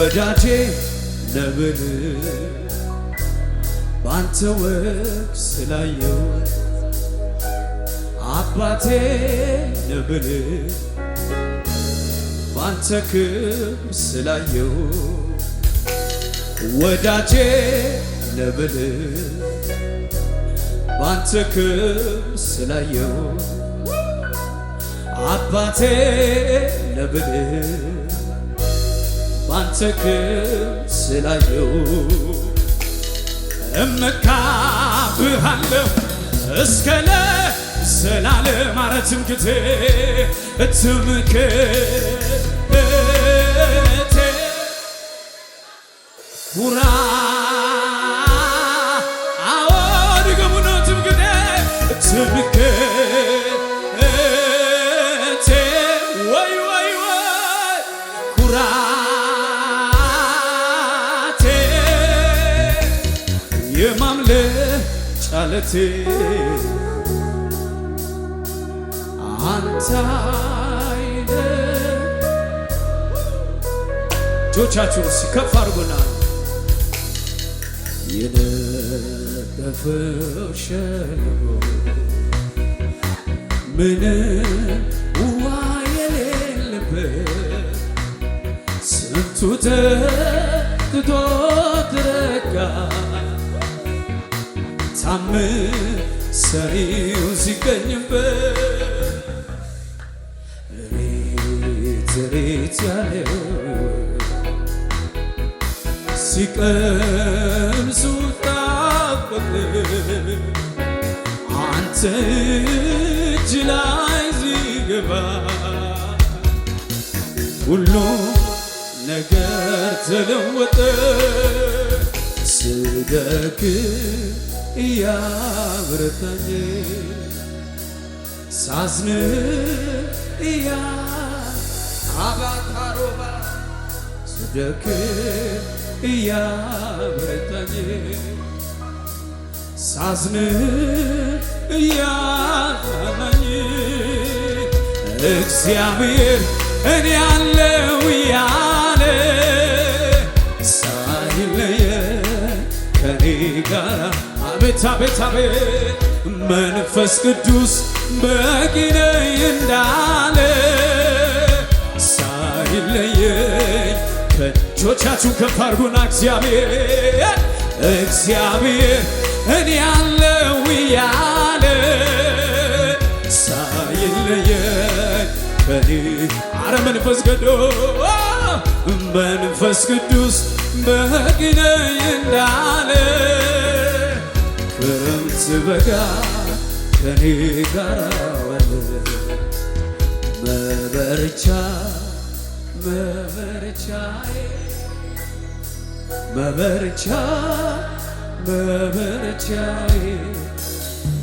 ወዳጄ ነብል ባንተ ወግ ስላየው አባቴ ነብል ባንተ ክብ ስላየው ወዳጄ ለምን ባንተ ክብ ስላየው አባቴ ለምን ባንተ ግን ስላየው እመካብሃለሁ እስከ ለዘላለም ማረትም ጊዜ እትምክቴ ሁራ አዎ ድገሙነትም ጊዜ እትምክ የማምለክ ጫለቴ አንተ እጆቻችሁን እስኪ ከፍ አድርጉና የነጠፈው ሸለቆ ምንም ውሃ የሌለበት ስንቱ ተጥቶ ተረጋ ሲታመም ሰሪው ሲገኝበት ሬት ሬት ያለው ሲቀምሱ ጣበቅ አንተ እጅ ላይ ሲገባ ሁሉ ነገር ተለወጠ ስደግ እያብረታኝ ሳዝን እያ አባታሮባ ስደክ እያብረታኝ ሳዝን እያጠናኝ እግዚአብሔር እኔ ያለው ያለ ሳይለየ ከኔ ጋራ አቤት አቤት አቤት መንፈስ ቅዱስ በቂ ነህ እንዳለ ሳይለየኝ ከእጆቻችሁ ከፍ አድርጉና እግዚአብሔር እግዚአብሔር እኔ ያለው እያለ ሳይለየኝ ከኔ አረ መንፈስ ቅዱስ መንፈስ ቅዱስ በቂ ነህ እንዳለ ስበጋ ከኔ ጋር ዋለ መበረቻ መበረቻ መበረቻ መበረቻዬ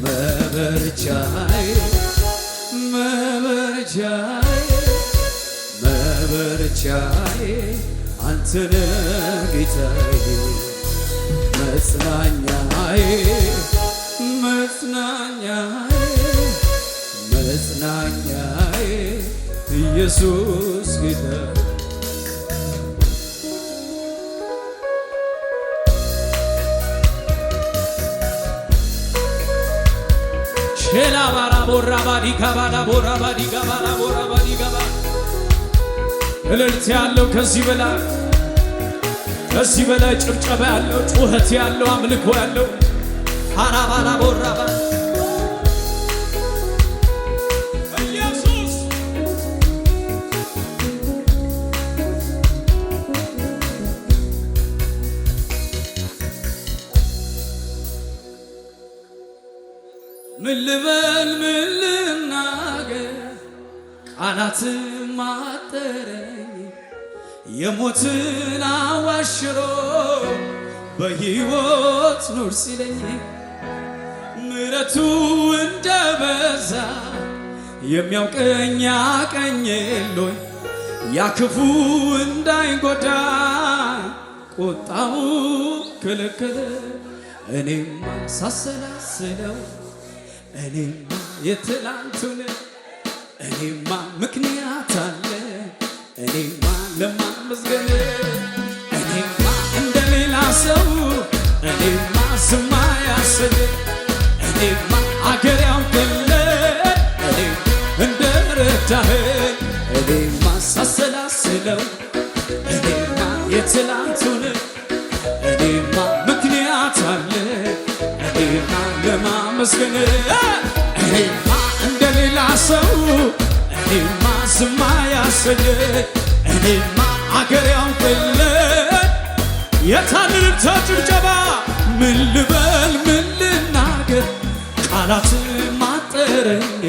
መበረቻዬ መበረቻዬ መበረቻዬ አንተነህ ጌታዬ መጽናኛዬ መጽናኛዬ መጽናኛዬ ኢየሱስ ጌታ ሼላ ባራ ቦራ ባዲ ጋባላ ቦራ ባዲ ጋባላ ቦራ ባዲ ጋባ እልልት ያለው ከዚህ በላይ ከዚህ በላይ ጭብጨባ ያለው ጩኸት ያለው አምልኮ ያለው አራባራቦራባ ኢየሱስ ምን ልበል ምን ልናገር ቃላትን ማጠረኝ የሞትን አዋሽሮ በሕይወት ኑር ሲለኝ ምሕረቱ እንደበዛ የሚያውቀኝ አቀኝሎኝ ያክፉ እንዳይጎዳኝ ቁጣው ክልክል እኔም ሳሰላስለው እኔማ የትላንቱን እኔማ ምክንያት አለ እኔማ ለማመስገን እኔማ እንደሌላ ሰው እኔማ ስማ ያስል እኔማ አገር ያውቅልኝ እኔም እንደረዳኸኝ እኔማ ሳሰላስለው እኔማ የትላንቱን እኔማ ምክንያት አለ ለማመስገን እኔማ እንደሌላ ሰው እኔማ ዝማ አያሰኘኝ እኔማ አገር ያውቅልኝ የታልልታ ጭብጨባ ምን ልበል ምን ቃላትም አጠረኝ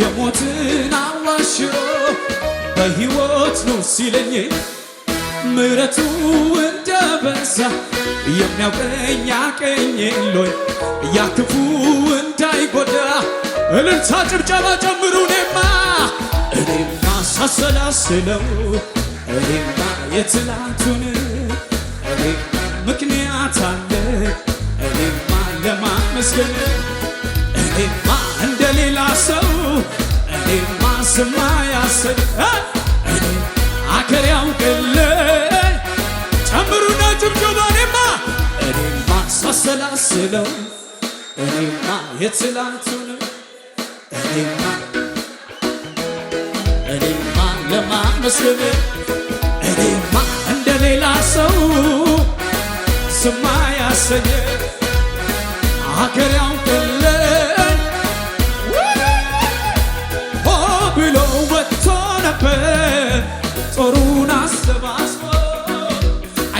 የሞትን አዋሽሮ በሕይወት ነው ሲለኝ ምረቱ ምሕረቱ እንደበዛ የሚያውቀኝ ያቀኝሎ እያክፉ እንዳይጎዳ እልልታ ጭብጨባ ጨምሩ እኔማ እኔማ ሳሰላስለው እኔማ የትላንቱን እኔማ ምክንያት አለ እኔማ ለማመስገን ሰው እኔማ ስማያስብ አገር ያውቅል ጨምሩና ጭብጨባ እኔማ እኔማ ሳሰላስለው እኔማ የትላንቱን እኔማ እኔማ ለማመስገን እኔማ እንደ ሰው ስማያሰኝ አገር ያውቅል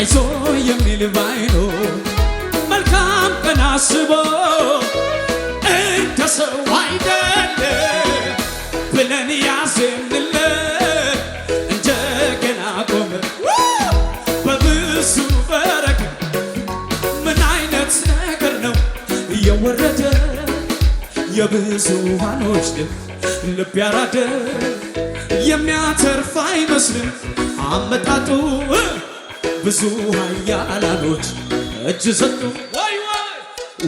አይዞ የሚል ባይኖ መልካም ቀን አስቦ እንደ ሰው አይደለ ብለን ያዘንለት እንደገና ቆመ በብዙ በረከት። ምን አይነት ነገር ነው የወረደ የብዙሃኖች ልብ ልብ ያራደ የሚያተርፍ አይመስልም አመጣጡ ብዙ ኃያላኖች እጅ ሰጡ።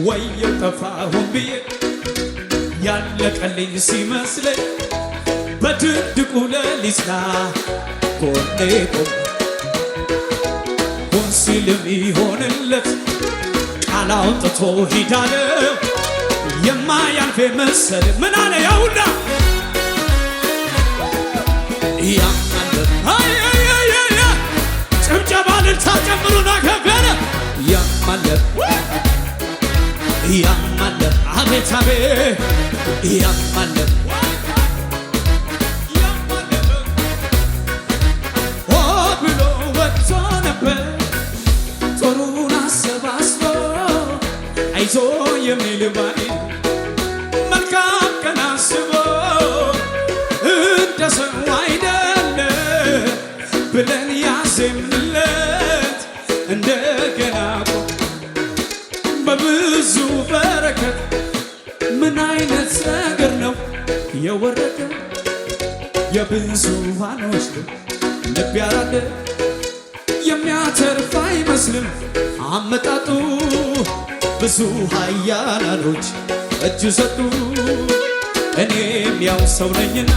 ወየ ጠፋሁን ብዬ ያለቀልኝ ሲመስለኝ በድድቁ ሌሊት ጎኔ ቆመ። ሆን ሲልም ይሆንለት ቃል አውጥቶ ሂድ የማያልፍ መሰል ምን አለ ያውላ እልልታ ጨምሩና ከፍ ያማለ ያማለ አቤት አቤት ያማለ ነገር ነው የወረደው የብዙሃኖች ልብ ያራደ የሚያተርፍ አይመስልም አመጣጡ ብዙ ኃያላኖች እጅ ሰጡ እኔም ያው ሰው ነኝና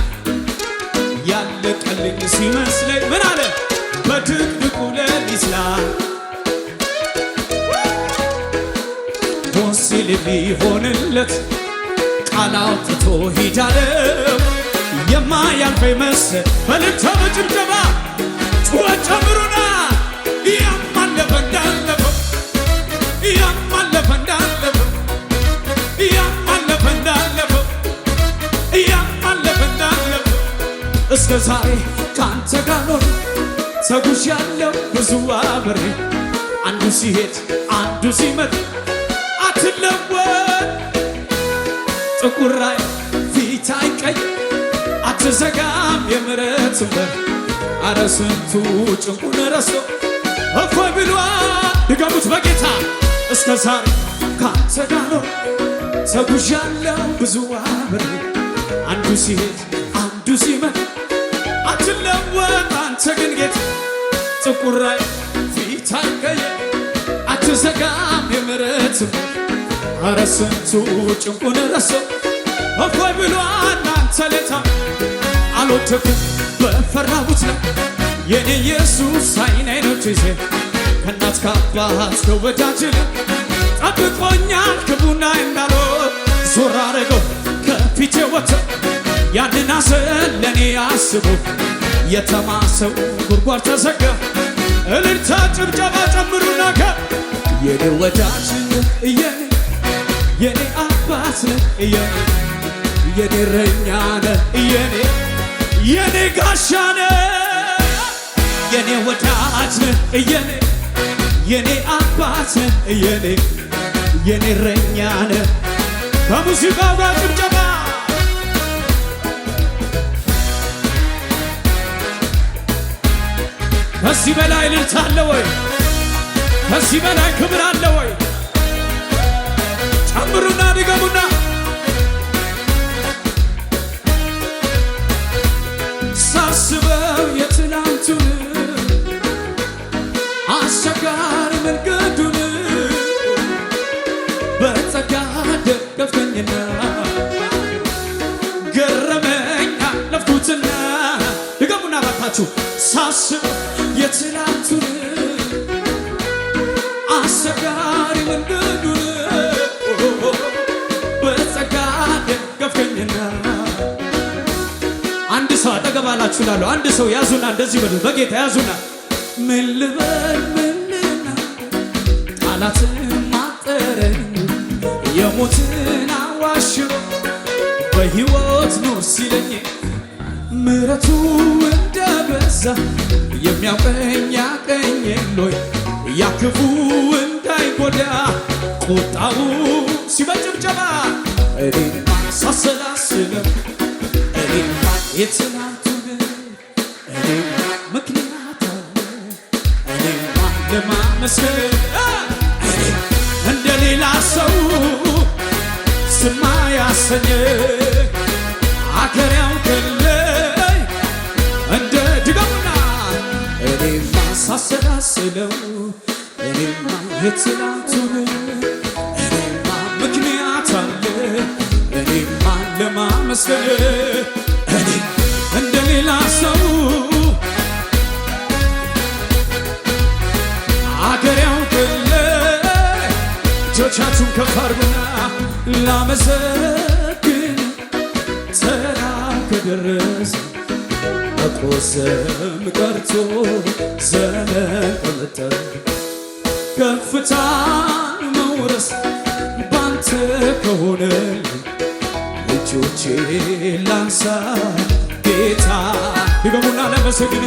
ያለቀልኝ ሲመስለኝ ምን አለ በድቅድቁ ሌሊት ላይ ሲል የሚሆንለት ቃል አውጥቶ ሂዳለው የማያልፈ ይመስል በልታ በጭብጨባ ጩኸት ጨምሩና ያማለፈ እንዳለፈው ያማለፈ እንዳለፈው ያማለፈ እንዳለፈው ያማለፈ እንዳለፈው እስከ ዛሬ ከአንተ ጋር ኖር ያለው ብዙ አብሬ አንዱ ሲሄድ አንዱ ሲመጣ ቁራይ ፊት አይቀይ አትዘጋም የምረት በር አረ ስንቱ ጭንቁን ረሶ እፎይ ብሏል ድገሙት በጌታ እስከ ዛሬ ካንተ ጋር ነው ብዙ አብሬ አንዱ ሲሄድ አንዱ ሲመጣ አትለወጥ አንተ ግን ጌታ ጥቁራይ ፊት አይቀይ አትዘጋም የምረት በር ኧረ ስንቱ ጭንቁን ረሰው እፎይ ብሎ እናንተ ለታ አልወደኩም በፈራቡት ነው! የኔ ኢየሱስ አይን አይኖች ይዜ ከእናት ከአባት ከወዳጅ ጠብቆኛል ክቡና እንዳልሆን ዞር አረገው ከፊቴ ወጥቶ ያንን ሐዘን ለእኔ አስቦ የተማሰው ጉድጓድ ተዘጋ። እልልታ ጭብጨባ ጨምሩና ከ የኔ ወዳጅ እየኔ የኔ አባት የኔ የኔ እረኛ ነህ የኔ የኔ ጋሻ ነህ የኔ ወዳጅ ነህ የኔ የኔ አባት የኔ የኔ እረኛ ነህ ከሙዚቃው ጋር ጭብጨባ ከዚህ በላይ ልልታ አለ ወይ? ከዚህ በላይ ክብር አለ ወይ? ጨምሩና ድገሙና ሳስበው የትናንቱን አስቸጋሪ መንገዱን በጸጋ ደገፍከኝና ገረመኝ አለፍኩትና ድገሙና ባካችሁ ሳስበው አንድ ሰው አጠገብ አላችሁ ላለሁ አንድ ሰው ያዙና እንደዚህ በሉ በጌታ ያዙና ምን ልበል ምን ቃላትን ማጠረኝ የሞትን አዋሽ በሕይወት ኖር ሲለኝ ምሕረቱ እንደበዛ የሚያውቀኝ ያቀኘኝ ሆይ ያክፉ እንዳይጎዳ ቁጣው ሲበጭብጨባ ሳሰላስለው እኔማ የትናንቱን እኔማ ምክንያት እኔማ ለማመስገን እኔ እንደ ሌላ ሰው ስማ ያሰኘ አገር ያውቅልኝ እንደ ድጋሙና እኔማ ሳሰላስለው እኔማ የትናንቱ ስር እኔ ሰው አገር ያውቅል እጆቻችሁን ከፍ አድርጉና ላመሰግን ተራ ከደረሰ መቆሰም ቀርቶ ዘመን በመጠር ከፍታን መውረስ ባንተ ከሆነልኝ እጆቼ ላንሳ ጌታ ይበሙና ለመሰግን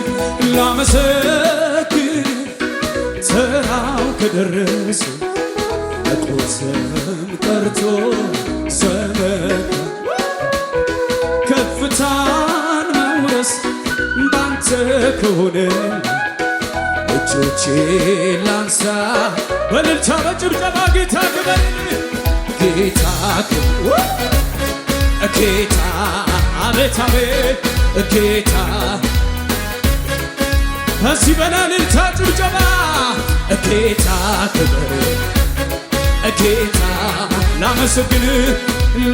ላመሰግን ተራው ከደረሰ መቆሰም ቀርቶ ዘመን ከፍታን መውረስ ባንተ ከሆነ እጆቼ ላንሳ በልልቻ በጭብጨባ ጌታ ግበል ጌታ ጌታ አቤት አቤት ጌታ ከዚህ በላልልታ ጭብጨባ ጌታ ክብር ጌታ ላመሰግን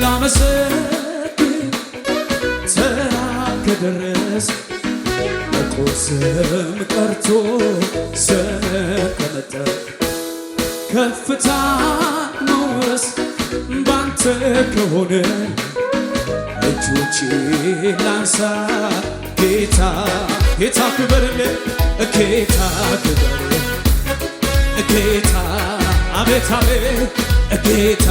ላመሰግን ተራክ ድረስ ቁስም ቀርቶ ዘመን ከመጠ ከፍታ ነው ባንተ ከሆነ እጆቼ ላንሳ ጌታ ጌታ ክበርል ጌታ ክበር ጌታ አቤት አቤት ጌታ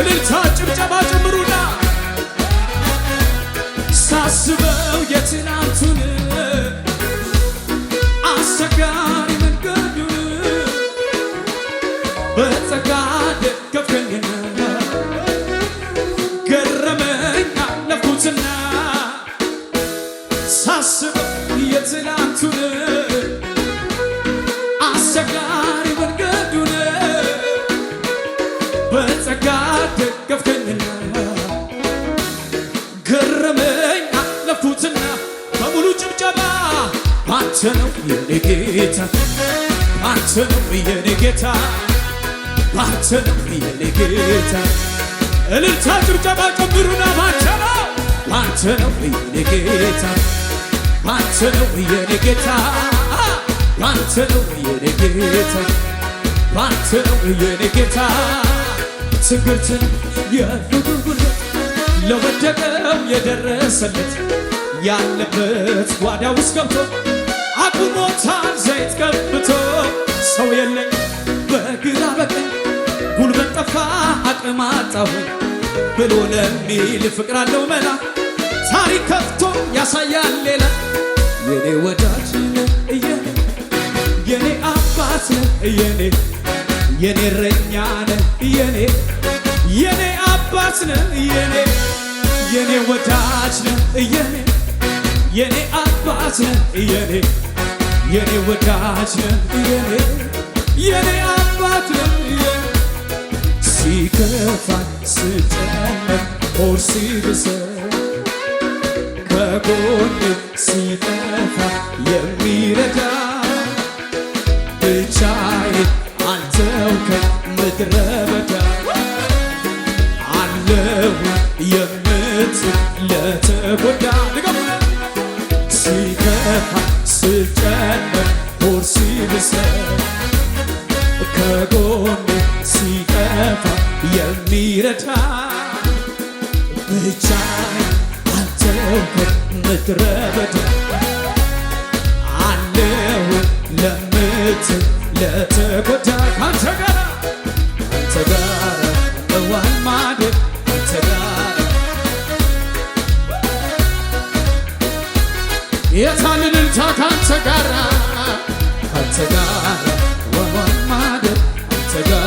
እልልታ ጭብጨባ ጨምሩና ሳስበው የትናንቱን አንተ ነው የኔ ጌታ፣ አንተ ነው የኔ ጌታ። እልልታ ጭብጨባ ጨምሩና ባንተ ነው ባንተ ነው የኔ ጌታ፣ ባንተ ነው የኔ ጌታ፣ ባንተ ነው የኔ ጌታ፣ ባንተ ነው የኔ ጌታ። ትግርትን የዱጉጉል ለወደቀም የደረሰለት ያለበት ጓዳ ውስጥ ገብቶ አቁሞታል ዘይት ቀብቶ ሰው የለኝ በግራ በቀኝ ጉልበት ጠፋ አቅም አጣሁኝ ብሎ ለሚል ፍቅር አለው መላ ታሪክ ከፍቶ ያሳያል ሌላ የኔ ወዳጅ ነህ እየኔ የኔ አባት ነህ እየኔ የኔ እረኛ ነህ እየኔ የኔ አባት ነህ እየኔ የኔ ወዳጅ ነህ እየኔ የኔ አባት ነህ እየኔ የኔ ወዳጅ የኔ የኔ አባት ሲከፋ ስጨነቅ ሆድ ሲብሰኝ ከጎኔ ሲጠፋ የሚረዳኝ ብቻዬን አልተውከኝ ምድረ የሚረዳ ብቻ አለሁበት ምድረ በዳ አለሁ ለምትል ለተጎዳ ካንተ ጋራ ካንተ ጋራ እዋን ማደር ካንተ ጋራ የታልልታ ካንተ ጋራ ካንተ ጋራ እዋን ማደር ካንተ ጋራ